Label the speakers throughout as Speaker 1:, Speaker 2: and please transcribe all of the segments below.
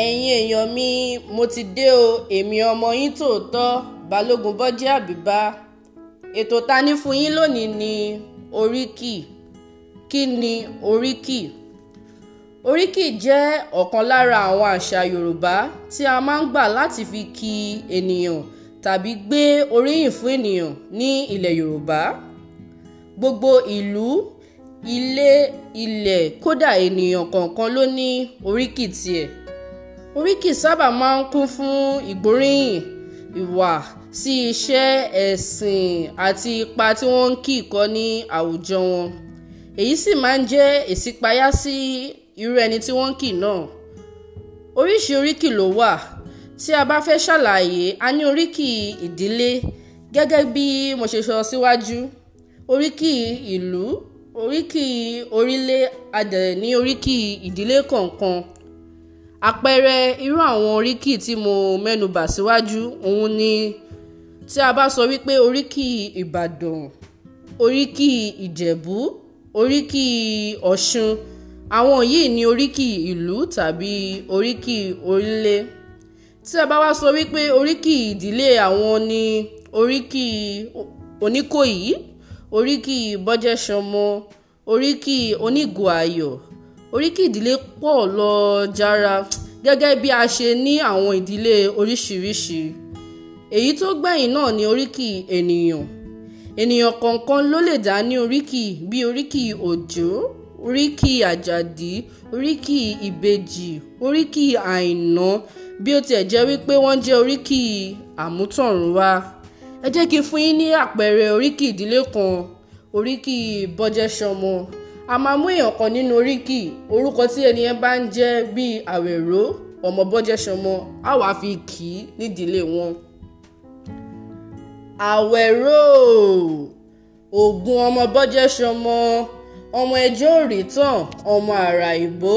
Speaker 1: ẹ̀yin èèyàn mi mo ti dé o èmi ọmọ yín tòótọ́ balógun bọ́jí àbíbá ètò ta ní fún yín lónìí ni oríkì kí ni oríkì oríkì jẹ́ ọ̀kan lára àwọn àṣà yorùbá tí a máa ń gbà láti fi kí ènìyàn tàbí gbé oríyìn fún ènìyàn ní ilẹ̀ yorùbá gbogbo ìlú ilé ilẹ̀ kódà ènìyàn kọ̀ọ̀kan ló ní oríkì tiẹ̀ oríkì sábà máa ń kún fún ìgbóríyìn ìwà sí iṣẹ́ ẹ̀sìn àti ipa tí wọ́n ń kí ìkọ́ni àwùjọ wọn èyí sì máa ń jẹ́ èsípayá sí irú ẹni tí wọ́n ń kì náà oríṣi oríkì ló wà tí a bá fẹ́ ṣàlàyé a ní oríkì ìdílé gẹ́gẹ́ bí mo ṣe sọ síwájú oríkì ìlú oríkì orílẹ̀ adẹ̀ ní oríkì ìdílé kọ̀ọ̀kan àpẹẹrẹ irú àwọn oríkì tí mo mẹ́nubà síwájú òun ni tí a bá sọ wípé oríkì ìbàdàn oríkì ìjẹ̀bú oríkì ọ̀ṣun àwọn yìí ni oríkì ìlú tàbí oríkì orílẹ̀ tí a bá wá sọ wípé oríkì ìdílé àwọn ni oríkì oníkòyí oríkì bọ́jẹ́sánmọ́ oríkì onígùn ayọ̀ oríkì ìdílé pọ̀ lọ jára gẹ́gẹ́ bí a ṣe ní àwọn ìdílé oríṣiríṣi èyí tó gbẹ̀yìn náà ni oríkì ènìyàn ènìyàn kọ̀ọ̀kan ló lè dá ní oríkì bí oríkì òjó oríkì àjàdí oríkì ìbejì oríkì àìná bí ó tiẹ̀ jẹ́ wípé wọ́n jẹ́ oríkì àmútọ̀runwá ẹ jẹ́ kí n fún yín ní àpẹẹrẹ oríkì ìdílé kan oríkì bọ́jẹ́sọmọ a máa mú èèyàn kan nínú oríkì orúkọ tí ènìyàn bá ń jẹ́ bíi àwẹ̀rọ ọmọ bọ́jẹ́sọmọ á wàá fi kì í nídìílé wọn. àwẹ̀rọ ògùn ọmọ bọ́jẹ́sọmọ ọmọ ẹjọ́ òrìtàn ọmọ àrà ìbò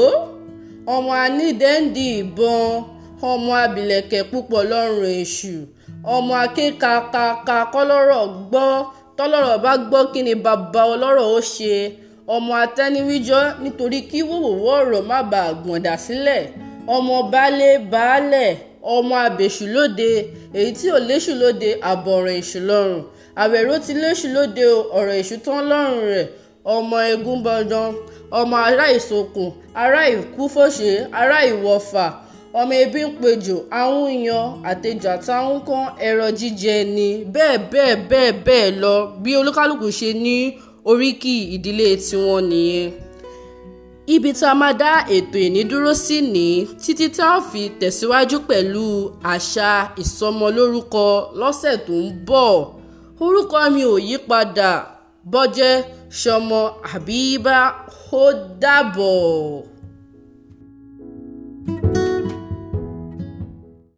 Speaker 1: ọmọ anídẹ́ǹdì ìbọn ọmọ abilẹ̀kẹ̀ púpọ̀ lọ́rùn èṣù ọmọ akékakaka kọ́lọ́rọ̀ gbọ́ tọ́lọ́rọ̀ bá gbọ́ kí ni bàbá ọlọ́rọ̀ ó ṣe ọmọ atẹ́niwíjọ́ nítorí kí wòwòwò ọ̀rọ̀ má bàa gbọ̀ndà sílẹ̀ ọmọ baálé baálẹ̀ ọmọ abèṣù lóde èyí tí ò léṣù lóde àbọ̀ ọ̀rọ̀ èṣù lọ́rùn àwẹ̀rọ ti léṣù lóde ọ̀rọ̀ èṣù tán lọ́rùn rẹ̀ ọmọ egun bọ̀dán ọmọ ará ìsokùn ará ọmọ ebi ń pejò ahun yan àtejò àtàwọn kan ẹ̀rọ jíjẹ ni bẹ́ẹ̀ bẹ́ẹ̀ bẹ́ẹ̀ bẹ́ẹ̀ lọ bí olúkálùkù ṣe ní oríkì ìdílé tiwọn nìyẹn ibi tá a máa dá ètò ìní dúró sí ní títí tá a fi tẹ̀síwájú pẹ̀lú àṣà ìsọmọlórúkọ lọ́sẹ̀ tó ń bọ̀ orúkọ mi ò yí padà bọ́jẹ́ sọmọ àbíbá ó dàbọ̀.